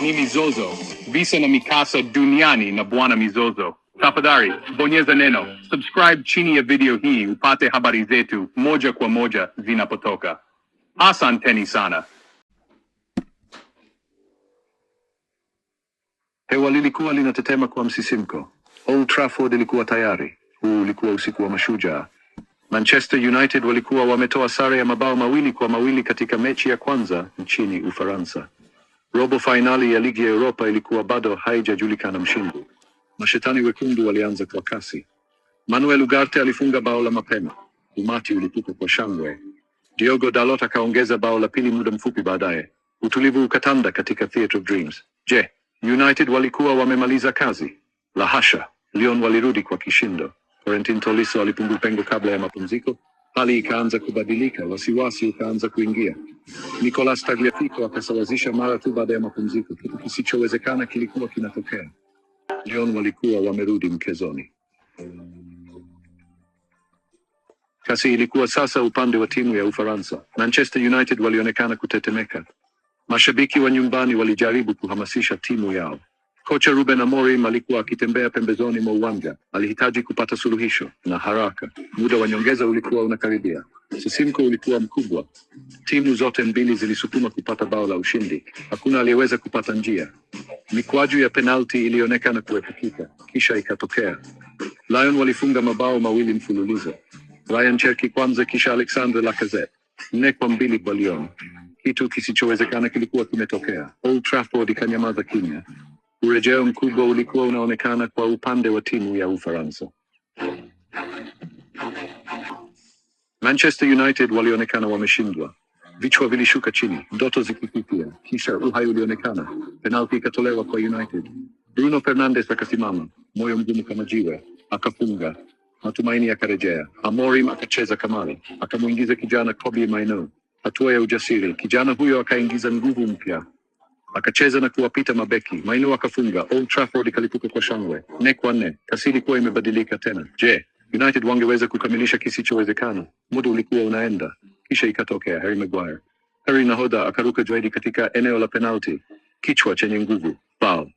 ni mizozo, visa na mikasa duniani na Bwana Mizozo. Tafadhali bonyeza neno subscribe chini ya video hii upate habari zetu moja kwa moja zinapotoka. Asanteni sana. Hewa lilikuwa linatetema kwa msisimko. Old Trafford ilikuwa tayari. Huu ulikuwa usiku wa mashujaa. Manchester United walikuwa wametoa sare ya mabao mawili kwa mawili katika mechi ya kwanza nchini Ufaransa. Robo fainali ya ligi ya Europa ilikuwa bado haijajulikana mshindi. Mashetani wekundu walianza kwa kasi. Manuel Ugarte alifunga bao la mapema, umati ulipuka kwa shangwe. Diogo Dalot akaongeza bao la pili muda mfupi baadaye. Utulivu ukatanda katika Theatre of Dreams. Je, United walikuwa wamemaliza kazi? La hasha, Lyon walirudi kwa kishindo. Florentin Tolisso alipungu pengo kabla ya mapumziko. Hali ikaanza kubadilika, wasiwasi ukaanza kuingia. Nicolas Tagliafico akasawazisha mara tu baada ya mapumziko. Kitu kisichowezekana kilikuwa kinatokea. Lyon walikuwa wamerudi mchezoni. Kasi ilikuwa sasa upande wa timu ya Ufaransa. Manchester United walionekana kutetemeka. Mashabiki wa nyumbani walijaribu kuhamasisha timu yao. Kocha Ruben Amorim alikuwa akitembea pembezoni mwa uwanja, alihitaji kupata suluhisho na haraka. Muda wa nyongeza ulikuwa unakaribia, sisimko ulikuwa mkubwa. Timu zote mbili zilisukuma kupata bao la ushindi, hakuna aliyeweza kupata njia. Mikwaju ya penalti ilionekana kuepukika, kisha ikatokea. lion walifunga mabao mawili mfululizo, Ryan Cherki kwanza, kisha Alexandre Lacazette. Nne kwa mbili kwa Kitu kisichowezekana kilikuwa kimetokea. Old Trafford ikanyamaza kimya. Urejeo mkubwa ulikuwa unaonekana kwa upande wa timu ya Ufaransa. Manchester United walionekana wameshindwa, vichwa vilishuka chini, ndoto zikififia, kisha uhai ulionekana. Penalti ikatolewa kwa United. Bruno Fernandes akasimama, moyo mgumu kama jiwe, akafunga. Matumaini yakarejea. Amorim akacheza kamari, akamwingiza kijana Kobbie Mainoo, hatua ya ujasiri. Kijana huyo akaingiza nguvu mpya akacheza na kuwapita mabeki, Maino akafunga, Old Trafford ikalipuka kwa shangwe nne kwa nne. Kasiri kuwa imebadilika tena. Je, United wangeweza kukamilisha kisichowezekana? Muda ulikuwa unaenda, kisha ikatokea Harry Maguire. Harry nahoda akaruka zaidi katika eneo la penalti, kichwa chenye nguvu, bao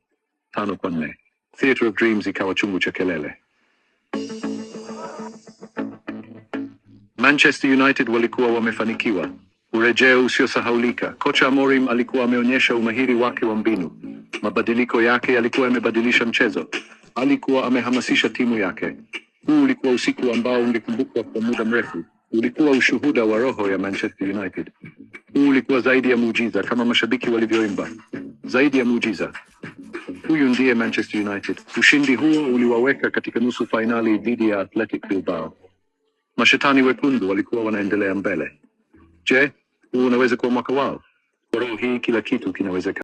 tano kwa nne. Theatre of Dreams ikawa chungu cha kelele. Manchester United walikuwa wamefanikiwa Urejeo usiosahaulika. Kocha Amorim alikuwa ameonyesha umahiri wake wa mbinu. Mabadiliko yake yalikuwa yamebadilisha mchezo. Alikuwa amehamasisha timu yake. Huu ulikuwa usiku ambao ungekumbukwa kwa muda mrefu. Ulikuwa ushuhuda wa roho ya Manchester United. Huu ulikuwa zaidi ya muujiza, kama mashabiki walivyoimba, zaidi ya muujiza. Huyu ndiye Manchester United. Ushindi huo uliwaweka katika nusu fainali dhidi ya Athletic Bilbao. Mashetani wekundu walikuwa wanaendelea mbele. Je, huu unaweza kuwa mwaka wao. Kwa roho hii kila kitu kinawezekana.